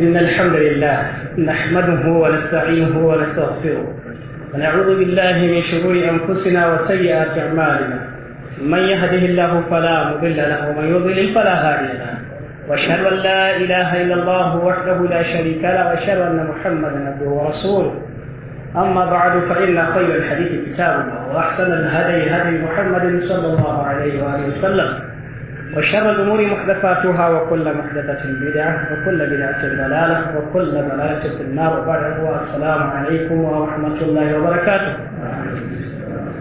إن الحمد لله نحمده ونستعينه ونستغفره ونعوذ بالله من شرور أنفسنا وسيئات أعمالنا من يهده الله فلا مضل له ومن يضلل فلا هادي له وأشهد أن لا إله إلا الله وحده لا شريك له وأشهد أن محمدا عبده ورسوله أما بعد فإن خير الحديث كتاب الله وأحسن الهدي هدي محمد صلى الله عليه وآله وسلم وشر الأمور محدثاتها وكل محدثة بدعة وكل بدعة ضلالة وكل ضلالة في النار وبعد السلام عليكم ورحمة الله وبركاته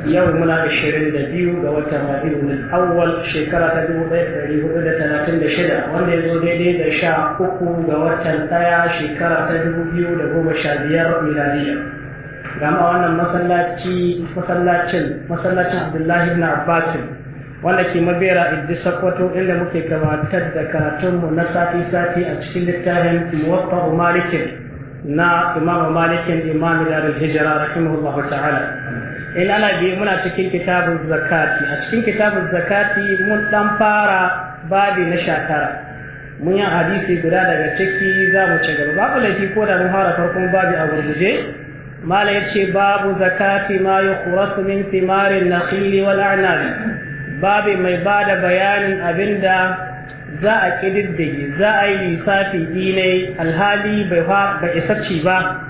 يوم لا عشرين دبيو دوتا من الأول شكرة دبو دبيو دوتا ثلاثين دشدة وان دبو دبي دشا أكو دوتا تايا شكرة دبو بيو دبو مشابير ميلادية كما أن مسلاتي مسلاتين مسلاتين عبد الله بن عباس wanda ke mabera iddi sakwato inda muke gabatar da karatunmu na sati-sati a cikin littafin muwaffa'u malikin na imamu malikin imamu darul hijira rahimahullah ta'ala in ana biyu muna cikin kitabun zakati a cikin kitabun zakati mun dan fara babi na shakara mun yi hadisi guda daga ciki za mu ci gaba babu laifi ko da mun fara farkon babi a gurguje mala ya ce babu zakati ma yukhrasu min thimarin nakhili wal a'nabi babu mai ba da bayanin abinda za a ƙididdige za a yi lissafi ɗinai alhali bai isacci ba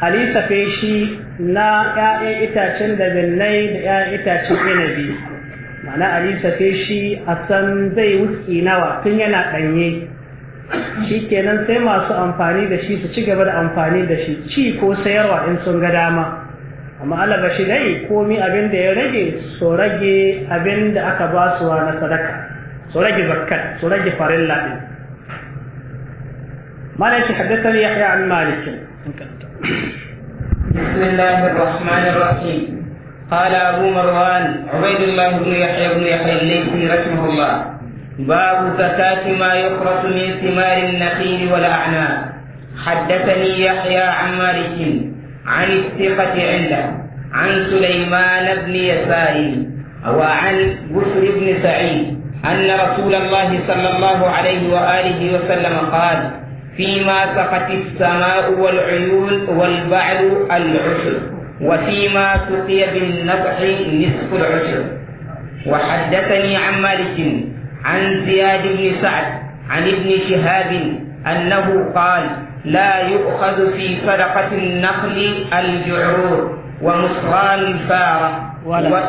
Alisa lissafe shi na 'ya'yan itacen da binnai da 'ya'yan itacen inabi mana Alisa lissafe shi a san zai wuski nawa tun yana ɗanye shi kenan sai masu amfani da shi su ci gaba da amfani da shi ci ko sayarwa in sun ga dama amma Allah ba shi dai komi abin da ya rage so rage abin da aka ba su na sadaka so rage zakat so rage farilla din mala shi haddasa ya yahya an malik بسم الله الرحمن الرحيم قال أبو مروان عبيد الله بن يحيى بن يحيى الليثي رحمه الله باب زكاة ما يخرج من ثمار النخيل والأعناب حدثني يحيى عن مالك عن الثقة عنده عن سليمان بن يسار وعن بشر بن سعيد أن رسول الله صلى الله عليه وآله وسلم قال فيما سقت السماء والعيون والبعل العشر وفيما سقي بالنفح نصف العشر وحدثني عن مالك عن زياد بن سعد عن ابن شهاب أنه قال لا يؤخذ في صدقة النخل الجعور ومصغان الفارة ولا, و...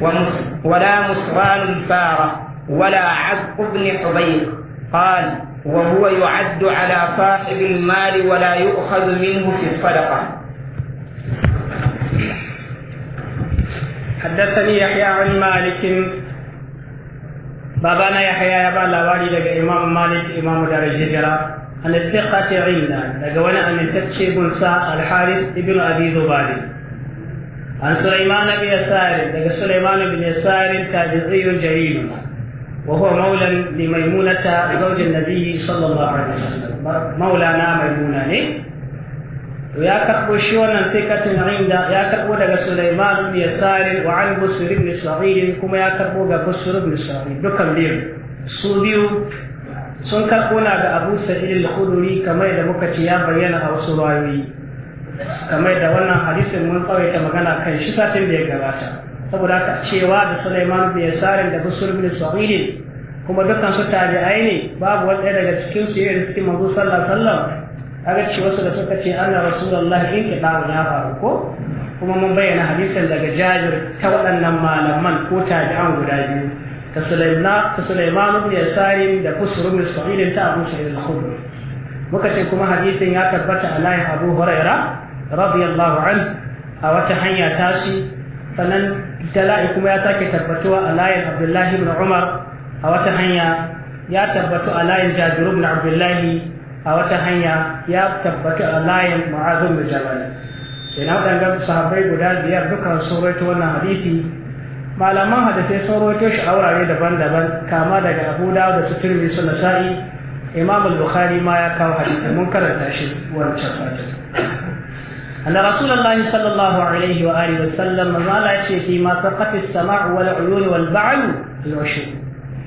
ومس... ولا مصغان الفارة ولا عبق بن حبيب قال وهو يعد على صاحب المال ولا يؤخذ منه في الصدقة حدثني يحيى عن مالك بابانا يحيى يا بابا لوالي لك إمام مالك إمام درجة عن الثقة عنا لقونا أن الكتشي بلساء الحارث ابن أبي ذبالي عن سليمان بن يسار لقى سليمان بن يسار تابعي جليل وهو مولى لميمونة زوج النبي صلى الله عليه وسلم مولانا ميمونة ليه ya karɓo shi wannan sai katin inda ya karɓo daga Sulaiman ibn Yasar wa an Busr ibn Sa'id kuma ya karɓo ga Busr ibn sun karɓo na da abu sa'il al kamar da muka ce ya bayyana a wasu rayoyi kamar da wannan hadisin mun tsawaita magana kan shi satin da ya gabata saboda ka cewa da Sulaiman bin Yasarin da Busur bin Sa'id kuma dukkan su tabi'ai ne babu wani daga cikin su yayin suke manzo sallallahu alaihi wasallam kaga ce wasu da suka ce ana rasulullahi in da ya faru ko kuma mun bayyana hadisin daga Jabir ta waɗannan malaman ko tabi'an guda biyu كسليمان بن يسار ده كسر بن صغير انت أبو سعيد الخدري مكتب كما حديث يا تبت عليه أبو هريرة رضي الله عنه أو تحيا تاسي فنن تلائكم يا تاكي تبتوا علي عبد الله بن عمر أو تحيا يا تبتوا علي جابر بن عبد الله أو تحيا يا تبتوا علي معاذ بن جبل ina waɗanda sahabbai guda biyar dukkan sun rawaito wannan hadisi malaman hadisai sun rawaito shi a wurare daban-daban kama daga Abu Dawud da Tirmidhi sun Nasa'i Imam al-Bukhari ma ya kawo hadisi mun karanta shi wancan fatin anna rasulullahi sallallahu alaihi wa alihi wa sallam mala yace fi ma saqati as-sama' wal 'uyun wal ba'l al-ushu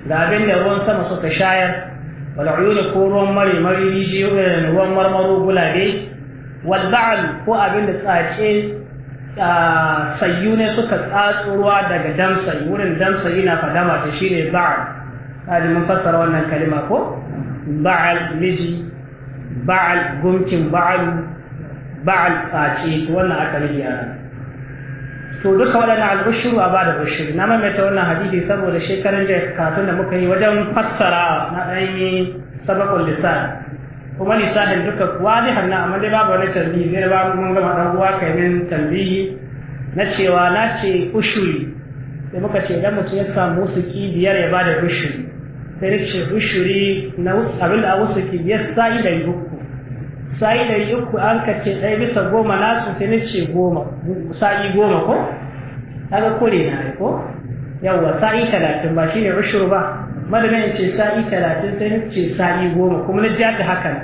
da abin da ruwan sama suka shayar wal 'uyun ko ruwan mari mari rijiyoyi ruwan marmaro gulabe wal ba'l ko abin da tsace sayyu ne suka tsatso daga damsai wurin damsai na fadama ta shine ba'al kaji mun fassara wannan kalima ko ba'al miji ba'al gumkin ba'al ba'al tsaci to wannan aka rige a to duka waɗannan al'ushuru a bada ushuru na maimaita wannan hadisi saboda shekarun da kafin da muka yi wajen fassara na ɗanyi sabakon lissan kuma lisahin duka zai hannu amma dai babu wani tambayi zai ba mun gama dan uwa kai min tambayi na cewa na ce ushuri sai muka ce idan mutum ya samu usuki biyar ya bada ushuri sai na ce ushuri na abin da usuki biyar sa'i da yuku sa'i da yuku an ka ce ɗaya bisa goma nasu sai na ce goma sa'i goma ko daga kore na ko yawwa sa'i talatin ba shine ushuru ba malamin ce sa'i talatin sai ce sa'i goma kuma na ja da hakan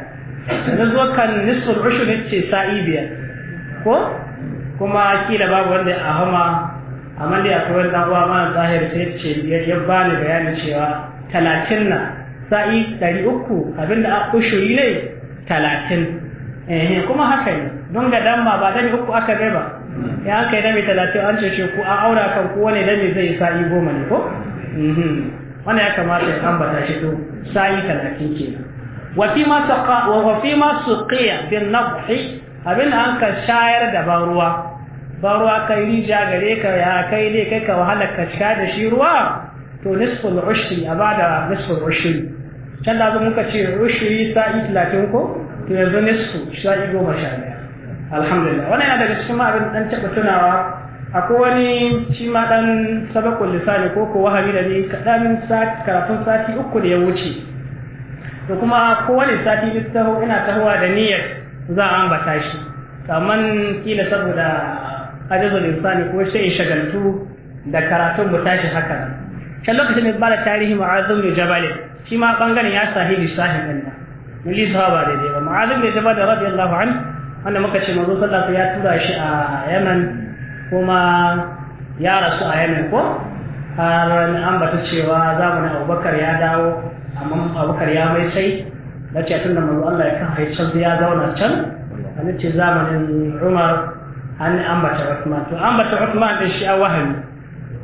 na zuwa kan rushu na ce sa'i biyar ko kuma kila babu wanda a hama amma dai akwai wani dan uwa mana zahir sai ce ya bani bayanin cewa talatin na sa'i ɗari uku abinda a ushuri ne talatin eh kuma haka ne don ga dan ba ba dari uku aka bai ba ya aka yi dami talatin an ce ku an aura kan kowane dami zai sa'i goma ne ko mhm. wannan ya kamata ya ambata shi to sai talatin kenan wa fi ma taqa wa fi ma suqiya bin nabhi abin an ka shayar da ba ruwa ba ruwa kai rija gare ka ya kai ne kai ka wahala ka sha da shi ruwa to nisful ushri a bada nisful ushri can da zo muka ce ushri sa'i 30 ko to yanzu nisfu sa'i 10 alhamdulillah wannan yana daga cikin abin dan taba tunawa akwai wani shi ma dan sabakon lissani ko ko wahabi da ne kaɗan karatun sati uku da ya wuce da kuma kowane sati duk ina tahowa da niyyar za a ambata shi kamar kila saboda ajazul lissani ko shi in shagaltu da karatun mu tashi haka kan lokacin da bada tarihi ma'azum da jabalin shi ma bangaren ya sahi lissahin ɗin da mili sahaba daidai ba ma'azum da jabalin radiyallahu an wanda muka ce mazo sallah ya tura shi a yaman kuma ya rasu a yamin ko har an bata cewa zamanin abubakar ya dawo amma abubakar ya mai sai na ce tun da mazu Allah ya kan haicin ya zauna can a ce zamanin umar an ambata Uthman to ambata Uthman din shi an wahami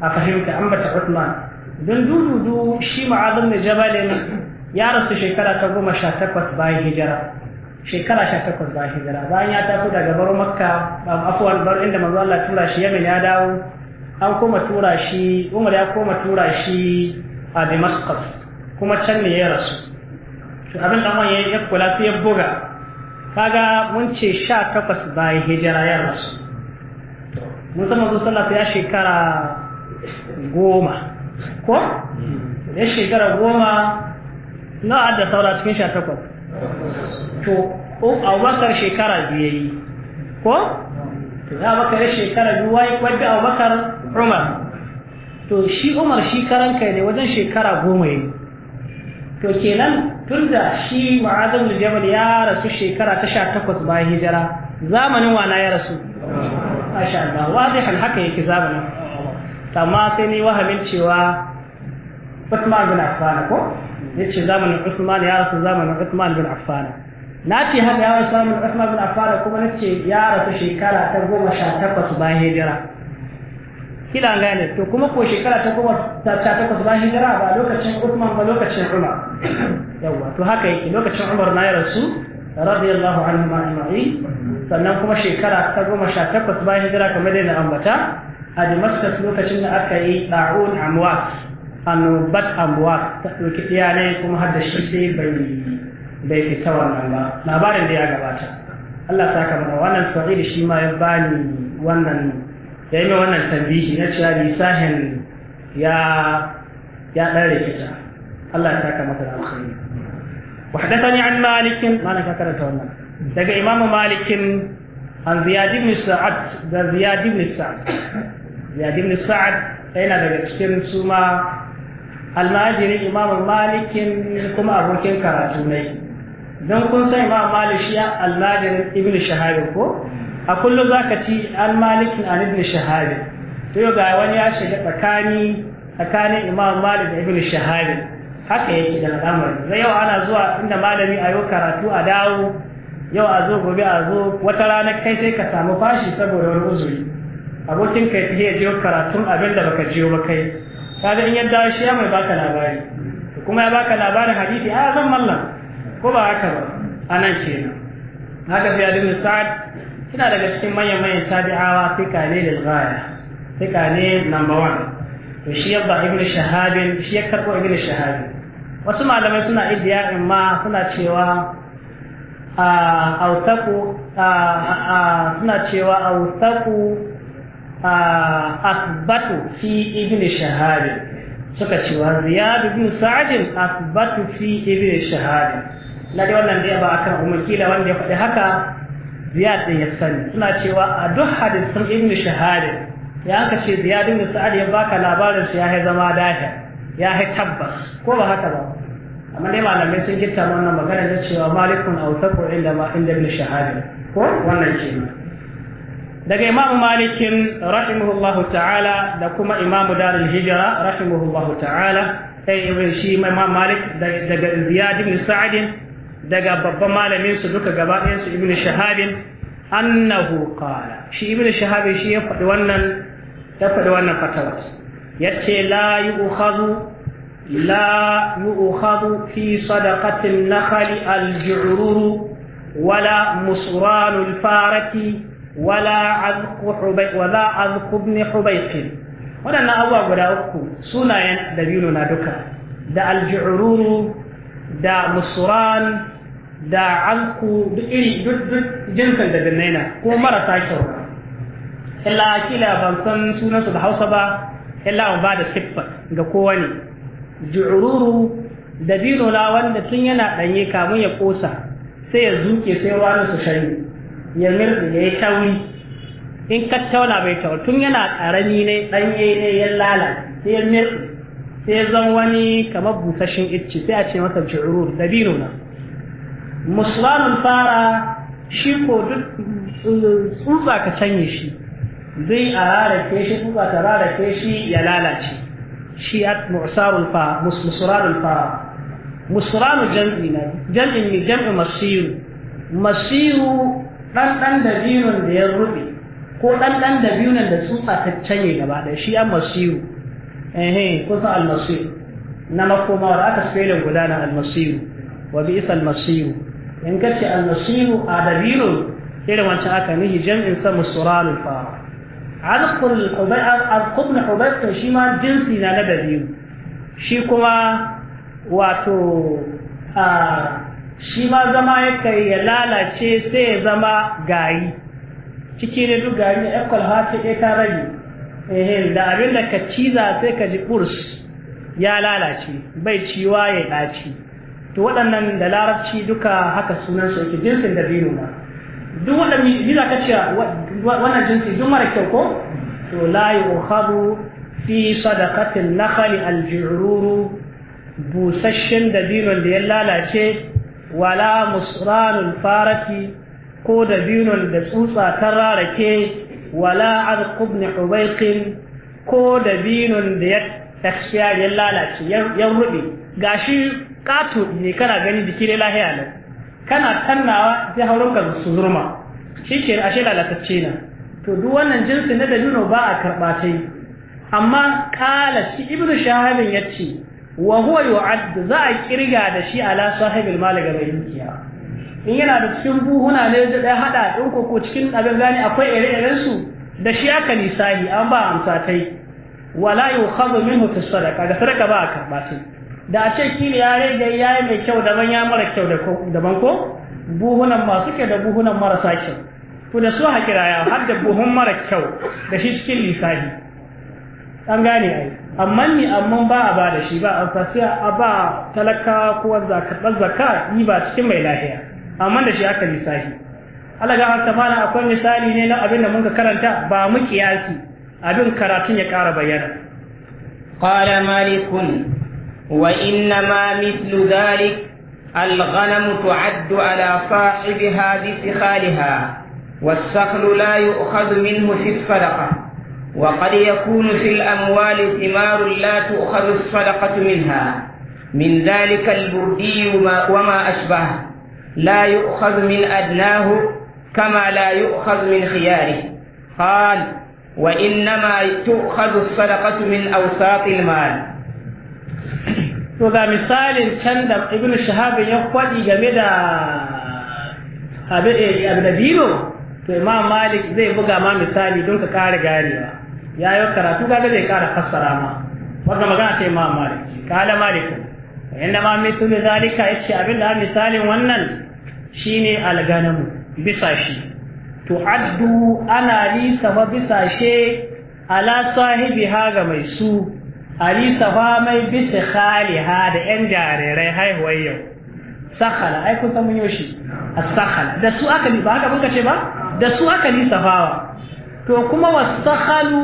a fahimta ambata Uthman don dududu shi ma'azin da jabalin ya rasu shekara ta goma sha takwas bayan hijira shekara sha takwas ba hijira bayan ya taso daga baro makka um, afuwan baro inda manzo Allah tura shi yamin ya dawo an koma tura shi umar ya koma tura shi a damascus kuma can ne ya rasu to abin da wani ya kula sai ya buga kaga mun ce sha takwas bayan hijira ya rasu mun san manzo sallah ya shekara goma ko ya shekara goma na adda saura cikin sha takwas to abubakar shekara biyu yi ko to za a ya shekara biyu wayi wadda abubakar umar to shi umar shi karan kai ne wajen shekara goma yi to kenan tun da shi ma'azin jamal ya rasu shekara ta sha takwas bayan hijira zamanin wana ya rasu masha Allah wazihan haka yake zamanin amma sai ni wahamin cewa Usman bin Affan ko yace zamanin Usman ya rasu zamanin Usman bin Affan na ce haka ya rasu zamanin Usman bin Affan kuma nace ya rasu shekara ta goma sha takwas bayan hijira kila gane to kuma ko shekara ta goma sha takwas bayan hijira ba lokacin Usman ba lokacin Umar yawa to haka yake lokacin Umar na ya rasu radiyallahu anhu ajma'in sannan kuma shekara ta goma sha takwas bayan hijira kamar da na ambata a Damascus lokacin da aka yi da'un amwas annobat abuwa ta ɗauki ne kuma har da shi sai bai fita wannan ba labarin da ya gabata Allah ta kama wannan sa'id shi ma ya bani wannan ya yi wannan tambihi na cewa lisahin ya ya ɗan rikita Allah ta kama da alkhairi وحدثني عن مالك مالك كرت wannan daga imam malikin an ziyad ibn sa'ad da ziyad ibn sa'ad ziyad ibn sa'ad yana daga cikin suma almajirin imam malikin kuma abokin karatu ne don kun san imam malik shi almajirin ibn ko a kullum za ka ci almalikin an ibn shahabin to yau wani ya shiga tsakani tsakanin imam malik da ibn shahabin haka yake da al'amari zai yau ana zuwa inda malami a yau karatu a dawo yau a zo gobe a zo wata rana kai sai ka samu fashi saboda wani uzuri abokin kai ya je karatun abinda da baka jiyo ba kai kaza in yadda shi ya mai baka labari kuma ya baka labarin hadisi a ah, zan mallam ko ba haka ba a nan ce Na haka fi adin sa'ad kina daga cikin manyan manyan tabi'awa fika ne da zaya fika ne number one, to shi ba ibn shahabin shi ya karbo ibn shahabin wasu malamai suna idiya'in ma suna cewa a ah, autaku a ah, suna cewa autaku asibatu fi ibn shahari suka ce wa ziyad ibn sa'd asbatu fi na dai wannan da ba akan umar kila wanda ya faɗi haka ziyad ya sani suna cewa a duk hadisin ibini shahari, ya aka ce ziyad ibn sa'd ya baka labarin su ya zama dahi ya tabba, ko ba haka ba amma dai malamai sun gitta wannan magana da cewa malikun autaqu inda ma inda bil shahari ko wannan kenan daga imam malikin rahimahullahu ta'ala da kuma imam darul hijra rahimahullahu ta'ala sai shi imam malik daga ziyad ibn sa'd daga babban malamin su duka gaba ɗayan su ibn shahab annahu qala shi ibn shahab shi ya faɗi wannan ya faɗi wannan fatawa yace la yu'khadhu la yu'khadhu fi sadaqati an al-ju'rur wala musran al-farati wala an hubay wala an ibn wadannan abuwa guda uku sunayen dabino na duka da aljururu da musuran da anku duk iri duk jinsin da dinnaina ko marasa kyau illa kila ban san sunansu da hausa ba illa ba da siffa ga kowane jururu dabino na wanda tun yana ɗanye kamun ya ƙosa sai ya zuke sai wani su shari'a ya mirɗi ya yi tauri in ka tauna bai tauri tun yana ƙarami ne ɗanye ne ya lala sai ya mirɗi sai zan wani kamar busashin icci sai a ce masa Da biyu na musulmanin fara shi ko duk tsutsa ka canye shi zai a rarake shi tsutsa ta rarake shi ya lalace shi a musarun fara musulmanin fara musulmanin jam'i na jan'i ne masiru masiru dan dan dabinun da ya rufe ko dan dan dabinun da tsutsa ta canye gaba da shi an masiru eh eh kusa al-masir na makoma da aka spelin gudana al-masir wa bi isa al-masir in kace al-masir a dabinun irin wancan aka nihi jam'in sa musuran fa. fara azqur al-hubay azqur al-hubay shi ma jinsi na na dabinu shi kuma wato a shi ma zama ya yi ya lalace sai ya zama gari ciki ne duk gari ne ekwal ce ya ta rage ehem da abin da ka ciza sai ka ji kurs ya lalace bai ciwa ya ɗaci to waɗannan da larabci duka haka sunan su yake jinsin da biyu ba. duk waɗanda ni za ka ce wannan jinsi duk mara kyau ko to layi ohabu fi sadakatin nakhali al busasshen da da ya lalace wala musranun farati ko da binon da tsutsa ta rarake wala azqubni hubaiqin ko da binon da ya tafiya ya lalace ya rubi gashi kato ne kana gani jiki dai lahiya nan kana tannawa sai haurin ka su zurma shike ashe lalatacce na to duk wannan jinsin na da ba a karba amma kala shi ibnu shahabin ce. wa huwa yu'add za a kirga da shi ala sahibul mal ga mai dukiya in yana da cikin buhuna ne da hada din ko cikin abin gani akwai ire-iren su da shi aka nisahi an ba amsa tai wala yukhadhu minhu fi sadaqa da sadaka ba a ba sai da a ce kili ya rage yayi mai kyau daban ya mara kyau daban ko buhunan masu kyau da buhunan marasa kyau to da su hakira ya har da buhun mara kyau da shi cikin lisahi an gane ai amma ni amma ba a ba da shi ba an sai a ba talaka ko zakar zakka ni ba cikin mai lahiya, amma da shi aka misali Allah ga hanta mana akwai misali ne na abin da mun karanta ba mu kiyasi abin karatun ya ƙara bayyana qala malikun wa inna ma mithlu dhalik الغنم تعد على صاحبها بسخالها والسخل لا يؤخذ منه في الصدقه وقد يكون في الأموال ثمار لا تؤخذ الصدقة منها من ذلك البردي وما أشبه لا يؤخذ من أدناه كما لا يؤخذ من خياره قال وإنما تؤخذ الصدقة من أوساط المال وذا مثال misalin ابن الشهاب ibn shahabin ya kwaɗi game فإمام مالك زي بقى ما مثالي دونك zai buga ya yi karatu kaga zai kara fassara ma wanda magana ta ma malik kala malik inda ma mithlu zalika yace abin da misalin wannan shine alganamu bisa shi to addu ana lisafa bisa she ala sahibi haga mai su safa mai bisa ha da yan jarirai haihuwar yau sakhala ai kun san mun yoshi as-sakhala da su aka ba haka muka ce ba da su aka lisafawa to kuma wastakhalu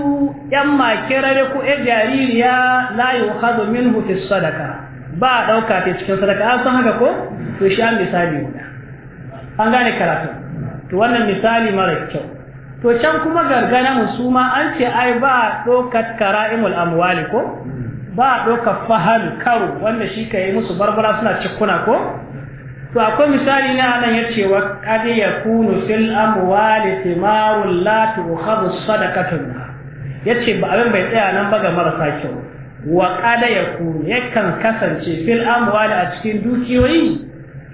yan makirare ku e jaririya la yukhadhu minhu fi sadaqa ba dauka ta cikin sadaka an san haka ko to shi an misali guda an gane karatu to wannan misali mara kyau to can kuma gargana musuma an ce ai ba dokar kara'imul amwali ko ba dokar fahal karu wanda shi ka yi musu barbara suna cikuna ko to akwai misali na nan ya ce wa kadi ya kunu fil amwali thimarun la tukhadhu sadaqatun yace ba abin bai tsaya nan ba ga marasa kyau wa kada ya kunu yakan kasance fil amwali a cikin dukiyoyi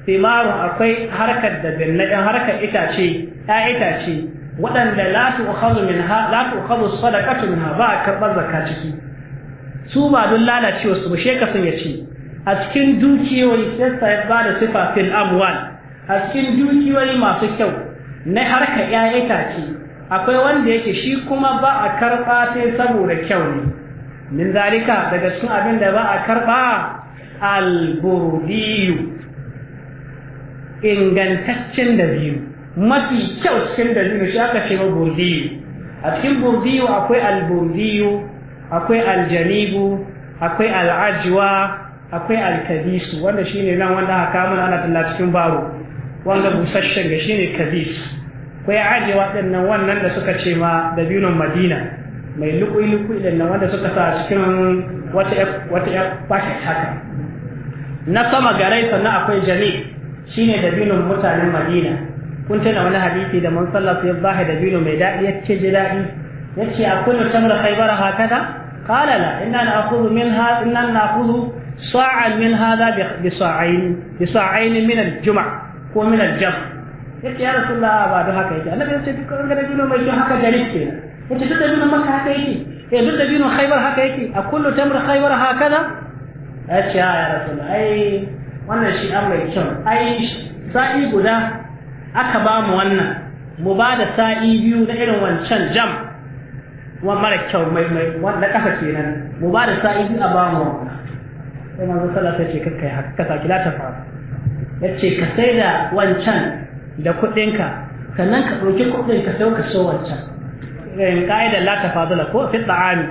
thimaru akwai harkar da bin ɗan harkar itace ita itace waɗanda la tukhadhu minha la tukhadhu sadaqatun ba a zakka ciki su ba dun lalacewa su ba shekasan ya ce a cikin dukiyoyi yasa ya ba da sifa fil amwal a cikin dukiyoyi masu kyau na harka ƴaƴa itace akwai wanda yake shi kuma ba a karɓa sai saboda kyau ne min zalika daga cikin abin da ba a karɓa alburdiyu ingantaccen da biyu mafi kyau cikin da biyu shi aka ce ma burdiyu a cikin burdiyu akwai alburdiyu akwai janibu akwai al'ajiwa akwai alkabisu wanda shine nan wanda haka mana ana talla cikin baro wanda busasshen ga shine kabis akwai ajewa din nan wannan da suka ce ma dabinon madina mai lukui lukui din nan wanda suka sa cikin wata wata packet haka na sama garai sannan akwai jami shine dabinon mutanen madina kun tana wani hadisi da man sallatu ya bahe dabino mai daɗi ya ce ji daɗi ya ce a haka da? khaybara Ina qala la min na'khudhu minha na na'khudhu sa'an min hada bi sa'ain bi sa'ain min al-jum'a ko min al-jam yace ya rasulullah ba da haka yake annabi yace duk kan gada dino mai kin haka da rike yace duk da dino maka haka yake eh duk da dino khaybar haka yake a kullu tamr khaybar hakaza yace ya rasulullah ai wannan shi an mai kyau ai sa'i guda aka ba mu wannan mu ba da sa'i biyu irin wancan jam wa mara kyau kenan mu ba da a ba sai manzo sallah sai ce kai haka ka saki la tafa yace ka sai da wancan da ka sannan ka ɗauki kuɗin ka sai ka so wancan in ka'idar la tafadula ko fi ta'ami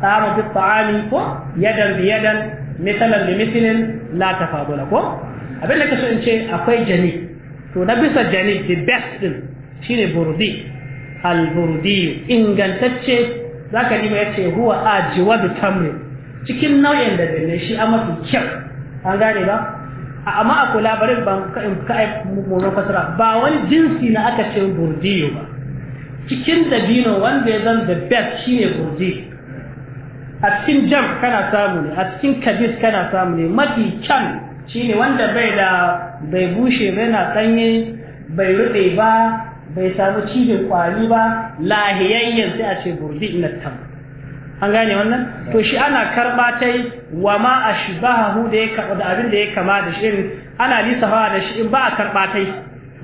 tsara fi ta'ami ko yadan bi yadan misalan bi misalin la tafadula ko abinda da ka so in ce akwai jani to na bisa jani the best din shine burdi al burdi ingantacce zaka nima yace huwa da tamrin cikin nau'in da bin shi a mafi kyau an gane ba amma a kula bari ban ka ai mummunan fasara ba wani jinsi na aka ce burdiyo ba cikin dabino wanda ya zan da best shine burdi a cikin jam kana samu ne a cikin kabis kana samu ne mafi kyan shine wanda bai da bai bushe bai na sanye bai rube ba bai samu cibin kwari ba lahiyayyen sai a ce burdi ina tamu an gane wannan to shi ana karba tai wa ma ashbahu da ya da abin da ya kama da shi ana lisafa da shi in ba a karba tai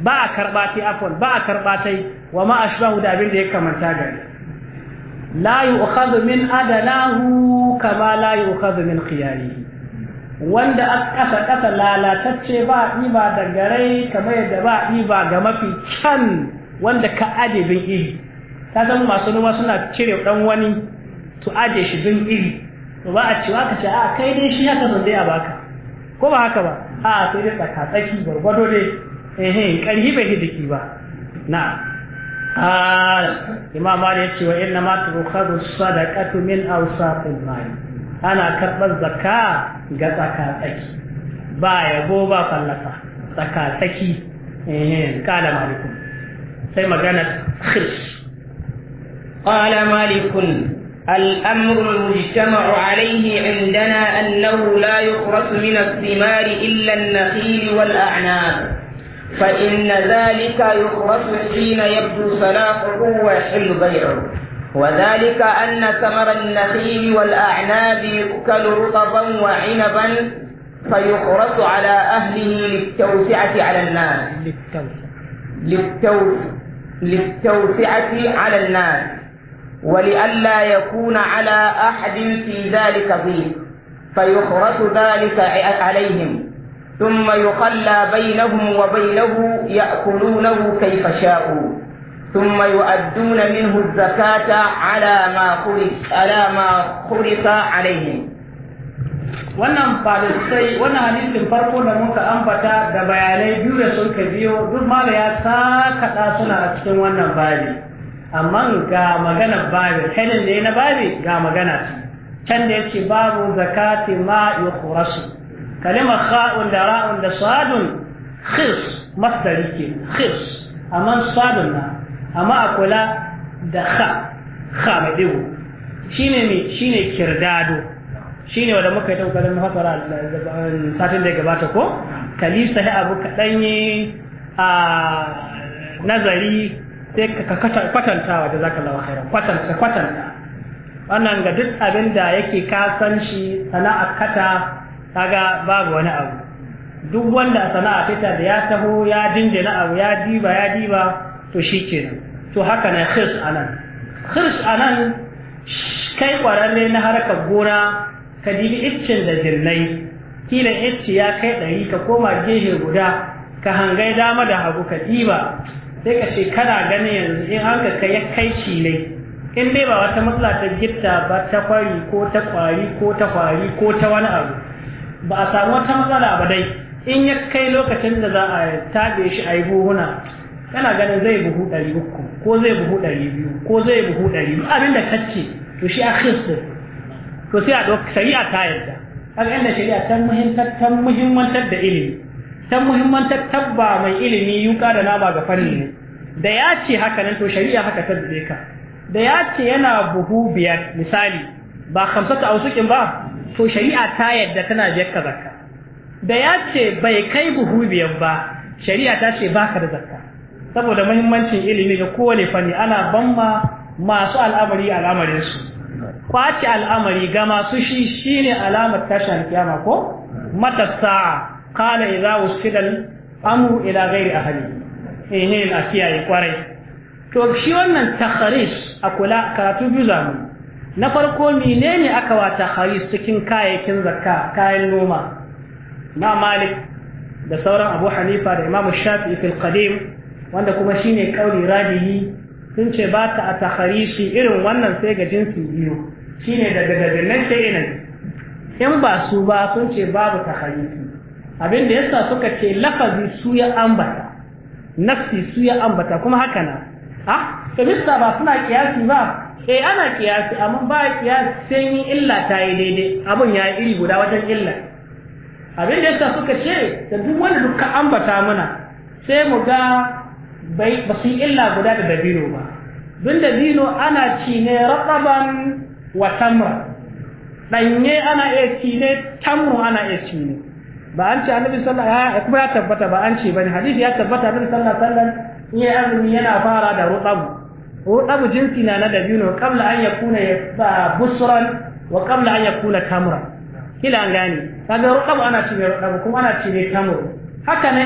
ba a karba tai yi afwan ba a karba tai wa ma ashbahu da abin da ya kamanta ga la yu'khadhu min adalahu kama la yu'khadhu min khiyarihi wanda aka ƙasa ƙasa lalatacce ba ɗiba da garai kamar yadda ba ɗiba ga mafi can wanda ka adibin iri ta zama masu noma suna cire ɗan wani su aje shi bin iri to ba a cewa ka ce a kai dai shi haka zan dai a baka ko ba haka ba a sai dai tsaka tsaki gwargwado dai eh karhi bai hidiki ba na imam ya yace wa inna ma tukhadu sadaqatu min awsaqil mal ana karɓar zakka ga tsaka tsaki ba yabo ba fallaka tsaka tsaki eh kala malikun sai magana khirs qala malikun الأمر المجتمع عليه عندنا أنه لا يخرس من الثمار إلا النخيل والأعناب فإن ذلك يخرس حين يبدو صلاحه ويحل بيعه وذلك أن ثمر النخيل والأعناب يؤكل رطبا وعنبا فيخرس على أهله للتوسعة على الناس للتوسعة للتوسعة على الناس ولئلا يكون على أحد في ذلك ضيق فيخرج ذلك عليهم ثم يخلى بينهم وبينه يأكلونه كيف شاءوا ثم يؤدون منه الزكاة على ما خلق على ما خلق عليهم wannan falisai wannan hadisin farko da muka ambata da bayanai biyu da sun ka biyo duk mala ya sakaɗa suna a cikin wannan bali amma ga magana babin helin da ya na babi ga magana ce can da yake babu zakati ma yukhrasu kalimar kha'un da ra'un da sadun khis masdari ke khis amma sadun na amma a kula da kha kha mai dubu shine ne shine kirdado shine wanda muka yi ta kokarin mafasara satin da ya gabata ko kalisa abu kaɗan yi a nazari sai ka kwatantawa da zaka lawa khairan kwatanta kwatanta wannan ga duk abin da yake kasan shi sana'a kata kaga babu wani abu duk wanda sana'a fita da ya taho ya na abu ya diba ya diba to shikenan to haka na khirs anan khirs anan kai kwararre na harkar gona ka dibi iccin da jirnai kila icci ya kai ɗari ka koma gehe guda ka hangai dama da hagu ka diba sai ka ce kana gani yanzu in an ka ya kai shi in dai ba wata matsala ta gifta ba ta kwari ko ta kwari ko ta kwari ko ta wani abu ba a samu wata matsala ba dai in ya kai lokacin da za a tabe shi a yi buhuna kana ganin zai buhu ɗari uku ko zai buhu ɗari biyu ko zai buhu ɗari biyu abin da ce to shi a kristin to sai a ɗauki shari'a ta yarda kaga inda shari'a ta muhimmantar da ilimi can muhimman tabba mai ilimi yuka da naba ga fanni ne da ya ce haka nan to shari'a haka ta dade ka da ya ce yana buhu biyar misali ba hamsatu ausukin ba to shari'a ta yadda tana biyar ka zakka da ya ce bai kai buhu biyar ba shari'a ta ce baka da zakka saboda muhimmancin ilimi ga kowane fanni ana bamma masu al'amari al'amarin su kwace al'amari ga masu shi shine alamar tashin kiyama ko matasa Kala idza usida amru ila ghairi ahli eh na kiyaye kwarai to shi wannan takharij a kula karatu biyu zamu na farko menene aka wa takharij cikin kayayyakin zakka kayan noma na malik da sauran abu hanifa da Imam shafi'i fil qadim wanda kuma shine kauli rajihi sun ce ba ta a takharishi irin wannan sai ga jinsi biyu shine daga daga nan sai in ba su ba sun ce babu takharishi abin da yasa suka ce lafazi su ya ambata nafsi su ya ambata kuma haka na ha sabista ba suna kiyasi ba eh ana kiyasi amma ba kiyasi sai ni illa ta yi daidai abun ya yi iri guda wajen illa abin da yasa suka ce da duk wanda duka ambata mana sai mu ga ba su yi illa guda da dabino ba da dabino ana ci ne raɓaɓan wa tamra ɗanye ana iya ci ne tamru ana iya ci ne ba an ce annabi sallallahu alaihi wasallam kuma ya tabbata ba an ce bane hadisi ya tabbata annabi sallallahu alaihi wasallam in ya azumi yana fara da rutabu rutabu jinsi na na dabino qabla an yakuna busran wa qabla an yakuna tamra kila an gane kaga rutabu ana ce rutabu kuma ana ce tamur haka ne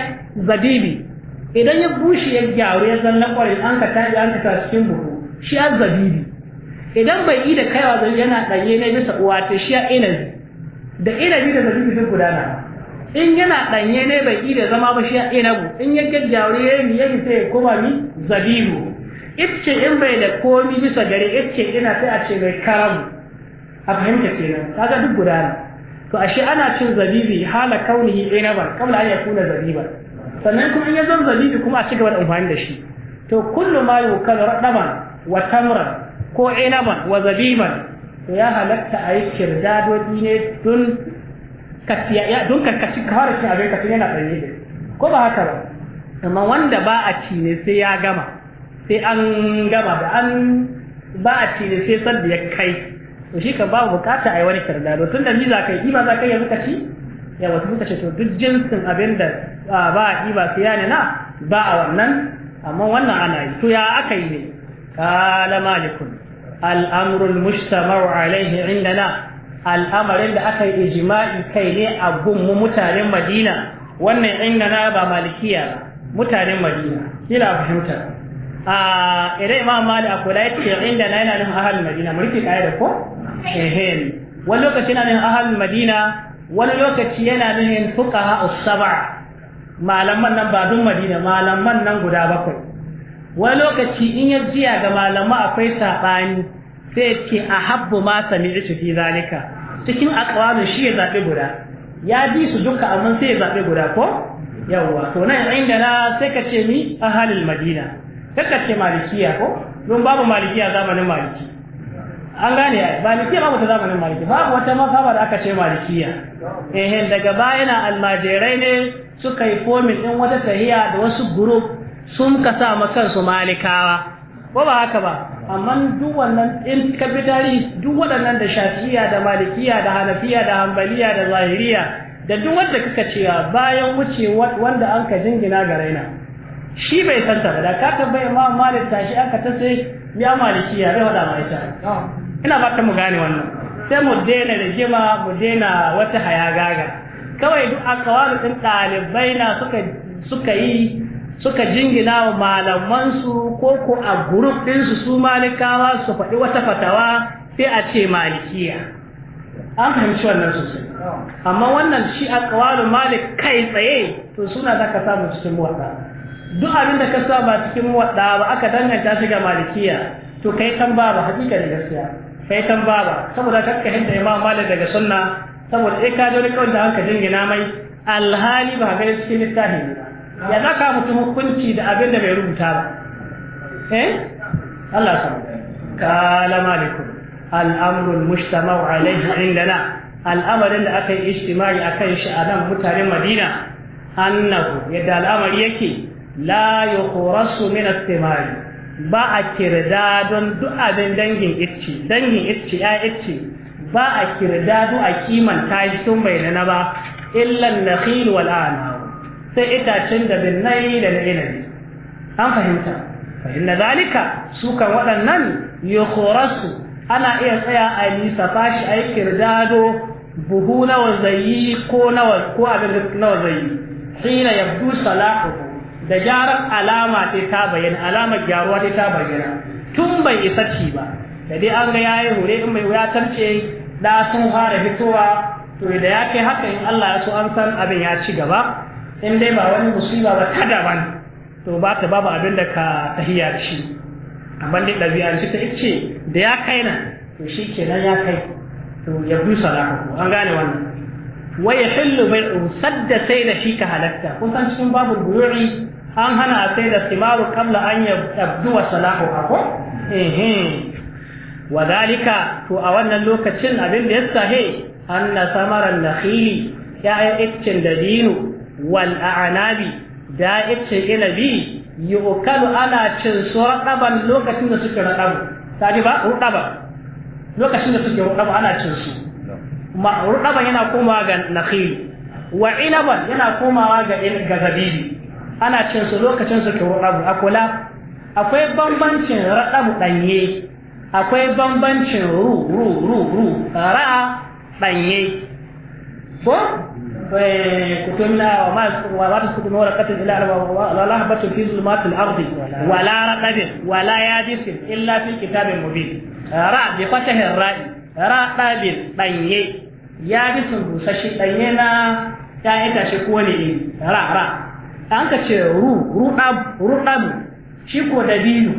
zabibi idan ya bushe ya gyaru ya zanna kwari an ka taji an ka cikin buhu shi zabibi idan bai yi da kaiwa zai yana ɗanye ne bisa uwa ta shi ya inabi da inabi da zabibi sun gudana in yana ɗanye ne bai iya zama ba shi inabu in ya gaggaure ya yi ya sai ya koma mi zabibu ce in bai da komi bisa gari ice ina sai a ce mai karamu a fahimta ta kaga duk gudana to ashe ana cin zabibi hala kaunihi ba kamar an kuna zabiba sannan kuma in ya zan zabibi kuma a ci gaba da amfani da shi to kullum ma yukal radaban wa tamra ko ba wa zabiban to ya halatta a yi kirdadodi ne tun ka ya don ka kaci kawar cin abin ka yana tsaye da ko ba haka ba amma wanda ba a ci ne sai ya gama sai an gama da an ba a ci ne sai sanda ya kai to shi kan babu bukata a yi wani kirdado tun da ni za ka yi ba za ka yi muka ci ya wasu muka ce to duk jinsin abin da ba a ba sai ya na ba a wannan amma wannan ana yi to ya aka yi ne kala malikun al'amrul mustamar alaihi indana al'amarin da aka yi ijima'i kai ne a gunmu mutanen madina wannan ingana na ba malikiya mutanen madina kila fahimta a idan imam mali a kula yake inda na yana nufin ahal madina mulki rike da ko ehem wani lokaci yana nufin ahal madina wani lokaci yana nan ha as-sab'a malaman nan ba dun madina malaman nan guda bakwai wani lokaci in ya jiya ga malama akwai saɓani. sai ce a habbu ma sami'tu fi zalika cikin aqwalu shi ya zabe guda ya bi su duka amma sai ya zabe guda ko yawa to nan inda na sai ka ce ni ahalul madina kaka ce malikiya ko don babu malikiya zamanin maliki an gane malikiya babu ta zamanin maliki babu wata mafaba da aka ce malikiya eh daga baya na almajirai ne suka yi komin din wata tahiya da wasu group sun kasa makan su malikawa ko ba haka ba amma duk wannan in ka bi tarihi duk waɗannan da shafiya da malikiya da hanafiya da hanbaliya da zahiriya da duk wanda kuka cewa bayan wuce wanda an ka jingina ga raina shi bai san ta ba da ka tambaye ma malik tashi aka ta sai ya malikiya bai wada mai ta ina ba ta mu gane wannan sai mu daina rigima mu daina wata hayagaga kawai duk akawalu din ɗalibai na suka suka yi suka jingina wa malamansu ko ko a guruf din su malikawa su faɗi wata fatawa sai a ce malikiya an fahimci wannan sosai amma wannan shi a ƙawalin malik kai tsaye to suna za ka samu cikin waɗa duk abin da ka ba cikin waɗa ba aka danganta shi ga malikiya to kai kan baba hakika ne gaskiya kai kan baba saboda kai da imam malik daga sunna saboda sai ka ji wani kawai da hanka jingina mai alhali ba ga cikin tahiri ba ya za ka mutum hukunci da abin da bai rubuta ba eh Allah ya samu kala malikum al'amrul mujtama'u alayhi indana al'amarin da aka yi ijtimai kan shi a nan mutanen Madina annahu yadda al'amari yake la yukhrasu min as-simari ba a kirda don duk dangin icci dangin icci ya icci ba a kirda dua kiman ta yi bai bayyana ba illa an-nakhil wal anam sai itacen da binnai da na inabi an fahimta fa inna zalika su waɗannan yukhrasu ana iya tsaya a yi safa a yi kirdado buhu nawa zayi ko nawa ko abin nawa zayi yabdu salahu da jarar alama ta ta bayyana alamar gyaruwa ta ta bayyana tun bai isa ci ba da dai an ga ya yi hure in mai wuya tarce da sun fara fitowa to da ya kai haka in Allah ya so an san abin ya ci gaba in dai ba wani musiba ba kada daban to ba ta babu abin da ka tahiyar da shi amma dai shi ta ce da ya kai na to shi kenan ya kai to ya bi da ku an gane wannan wai ya hillu bai sadda sai da shi ka halatta kun san cikin babu buyuri an hana a sai da simaru kamla an ya wa salahu ko wa dalika to a wannan lokacin abin da ya sahe an na samaran nakhili ya ayyukan da wal a'nabi da ice yi ukalu ana cin su lokacin da suke raɗabu ta ba ruɗaba lokacin da suke ruɗaba ana cin su ma ruɗaban yana komawa ga nakhil wa inaban yana komawa ga ga ana cin su lokacin suke ruɗabu akula akwai bambancin raɗabu ɗanye akwai bambancin ru ru ru ru ra'a ɗanye ko كتمنا وما وما تسقط من ورقة إلا ولا هبة في ظلمات الأرض ولا رقب ولا يابس إلا في الكتاب المبين را بفتح الراء رقب بني يابس بوسشي بنينا تايتا شكوني را را أنك رو رقب رقب شكو دبينو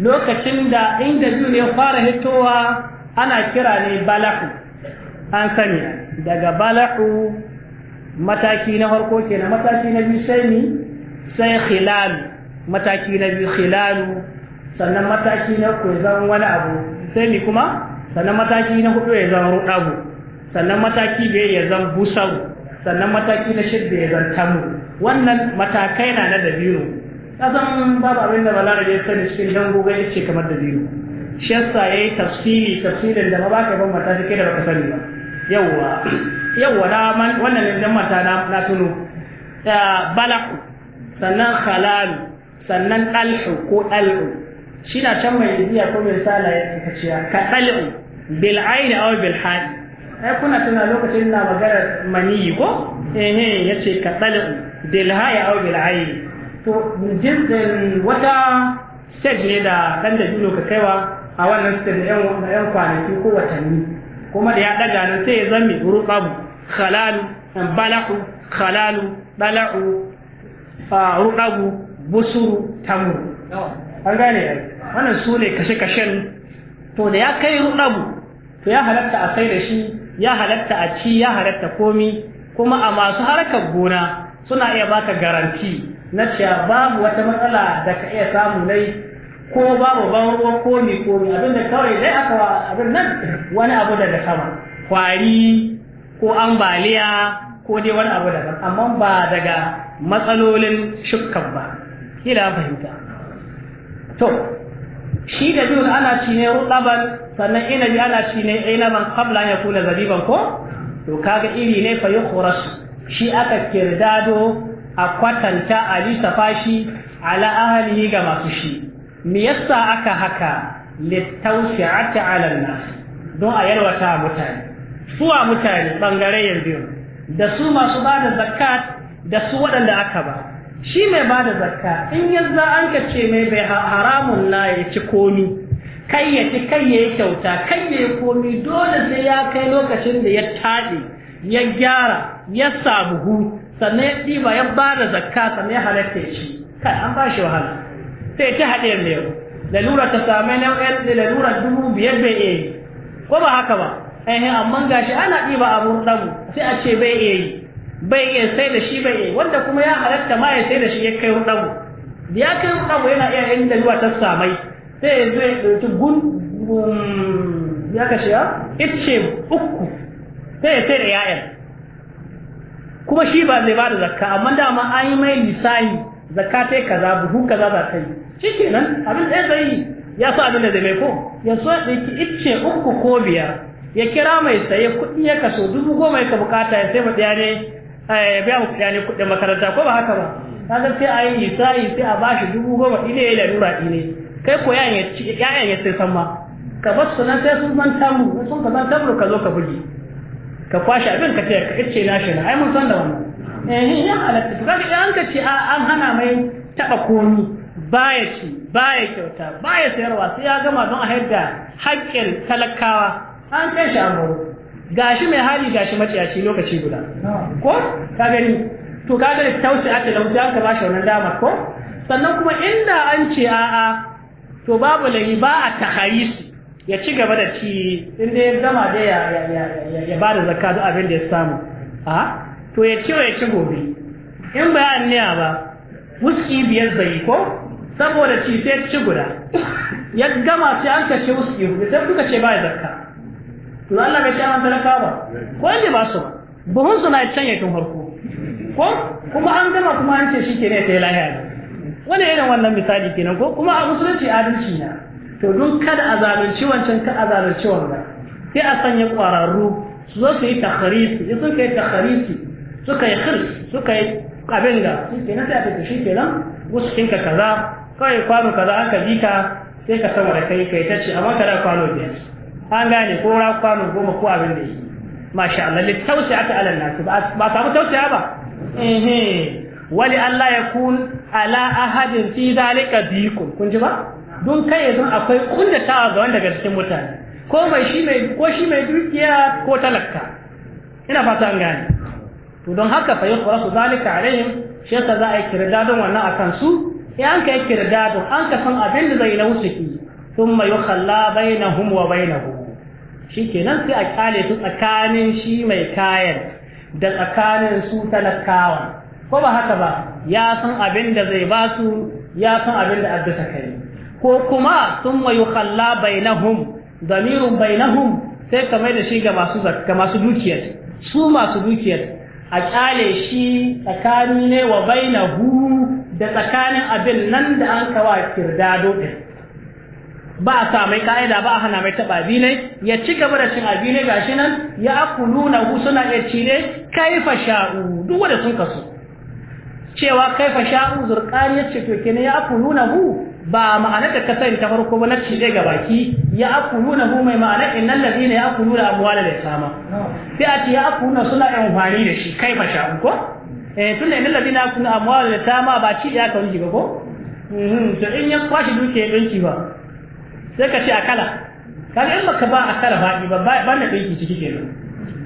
lokacin da inda biyu ya fara hitowa ana kira ne balaku an sani daga balaku mataki na farko kenan mataki na biyu sai ni sai khilalu mataki na biyu khilalu sannan mataki na ku zan wani abu sai ni kuma sannan mataki na hudu ya zan rudabu sannan mataki biyar ya zan busau sannan mataki na shidda ya zan tamu wannan matakai na na dabino zan babu abin da balarabe ya sani cikin dango gani ce kamar dabino shi yasa yayi tafsiri tafsirin da ba ka ban mataki kai da baka sani ba yawwa wa na wannan ne dan mata na tuno balaku sannan khalalu sannan dalhu ko dalhu shi na can mai biya ko mai sala ya tsaka ya ka dalhu bil aini aw bil ai kuna tuna lokacin na magana maniyi ko eh eh yace ka dalhu bil haya aw bil aini to jinsin wata stage ne da dan da ka kaiwa a wannan stage na ƴan kwanaki ko watanni kuma da ya daga nan sai ya zami rukabu khalalu balahu khalalu dalahu rukabu busuru tamru an gane wannan su ne kashe-kashen to da ya kai rukabu to ya halatta a sai da shi ya halatta a ci ya halatta komi kuma a masu harkar gona suna iya baka garanti na cewa babu wata matsala da ka iya samu nai ko babu ban ruwan komi komi abin da kawai dai aka abin nan wani abu daga sama kwari ko ambaliya ko dai wani abu daga amma ba daga matsalolin shukkan ba kila fahimta to shi da biyu ana ci ne rutaban sannan inabi ana ci ne inaban qabla ya kula zabiban ko to kaga iri ne fa yukhras shi aka kirdado a kwatanta a lissafa shi ala ahalihi ga masu shi me yasa aka haka littaushi'ati 'ala an-nas don a yarwata mutane suwa mutane bangare yanzu da su masu bada zakat da su wadanda aka ba shi mai bada zakka in yanzu an ka ce mai bai haramun na ya ci komi kai ya ci kai ya kyauta kai ya komi dole sai ya kai lokacin da ya taɗe ya gyara ya samu hu sannan ya ɗiba ya bada zakka sannan ya halatta ya ci kai an ba shi wahala sai ta haɗe mai lalura ta same na da lalura dubu biyar bai iya yi ko ba haka ba eh amma gashi ana ɗiba a ɗagu sai a ce bai iya yi bai iya sai da shi bai iya wanda kuma ya halatta ma ya sai da shi ya kai da ya kai ɗagu yana iya yin lalura ta samai sai ya zai ɗauki gun um, ya kashe ya ice uku sai ya sai da ya'yan kuma shi ba zai ba da zakka amma dama an yi mai misali zakka ta yi kaza buhu kaza za ta yi shikenan abin ɗaya zai yi ya sa abin da zai ko ya so da ki icce uku ko biyar ya kira mai saye kuɗi ya kaso dubu goma ya bukata ya sai mutu ne eh, ya biya mutu ne kuɗin makaranta ko ba haka ba kaga sai a yi isa'i sai a bashi dubu goma ɗine ya lura ɗine kai ko yayan ya sai san ma ka ba su nan sai sun zan tamu sun ka zan tamu ka zo ka buji ka kwashe abin ka ce ka icce na shi na ai mun san da wannan eh ya halatta ka kaga an ka ce an hana mai taɓa komi baya ci baya kyauta baya sayarwa sai ya gama don a haidda hakkin talakawa an kai shi an gashi mai hali gashi maciyaci lokaci guda ko ka gani to ka gani tausi a talauci an ka bashi wannan dama ko sannan kuma inda an ce a'a to babu lagi ba a tahayisi ya ci gaba da ci inda ya gama da ya ba da zakka duk abin da ya samu a to ya ci ya ci gobe in bayan niya ba wuski biyar zai ko saboda ci sai ci guda ya gama sai an kashe wuski hudu sai kuka ce baya zakka to Allah bai ce an talaka ba ko inda ba su ba buhun su na can ya tun farko ko kuma an gama kuma an ce shi ke ne ta yi lahiya ne wani irin wannan misali kenan ko kuma a musulunci adalci na to don kada a zalunci wancan ka a zalunci wannan sai a sanya ƙwararru su zo su yi takharisi su suka yi takharisi suka yi khirs suka yi abin da shi na sai ta shi kenan wasu kinka kaza kawai kwano kaza aka bi ka sai ka sama da kai kai ta ce amma kada kwano biyar an gane ko ra kwano goma ko abin da yi masha Allah li tausi'a ta alal nas ba samu tausi'a ba eh wali Allah ya kun ala ahadin fi zalika bikum kun ji ba don kai yanzu akwai ta ga wanda daga cikin mutane ko mai shi mai ko shi mai dukiya ko talaka ina fata an gane to don haka fa yukhrasu zalika alaihim shi yasa za a yi don wannan akan su in an ka yi kirdadin an ka san abin da zai na wusuki mai yukhalla bainahum wa shi kenan sai a kyale su tsakanin shi mai kayan da tsakanin su talakawa ko ba haka ba ya san abin da zai ba su ya san abin da addu'a kai ko kuma thumma yukhalla bainahum damirun bainahum sai ka mai da shi ga masu masu dukiyar su masu dukiyar a kyale shi tsakani ne wa bainahu da tsakanin abin nan da an kawa kirda din ba a sa mai ka'ida ba a hana mai taba ne ya ci gaba da cin abinai ne gashi nan ya nuna hu suna iya ci ne kaifa sha'u duk wanda sun kasu cewa kaifa sha'u zurqani ya ce to kenan ya nuna hu ba ma'anar da sani ta farko ba na cije ga baki ya akuluna hu mai ma'anar innal ladina ya akuluna amwala da sama sai a ce ya akuluna suna amfani da shi kai sha ko eh tunda innal ladina akuluna amwala da sama ba ci ya kan jiga ko mhm, to in ya kwashi duke dinki ba sai ka ce akala kaga in baka ba akala ba ba ba na dinki ciki kenan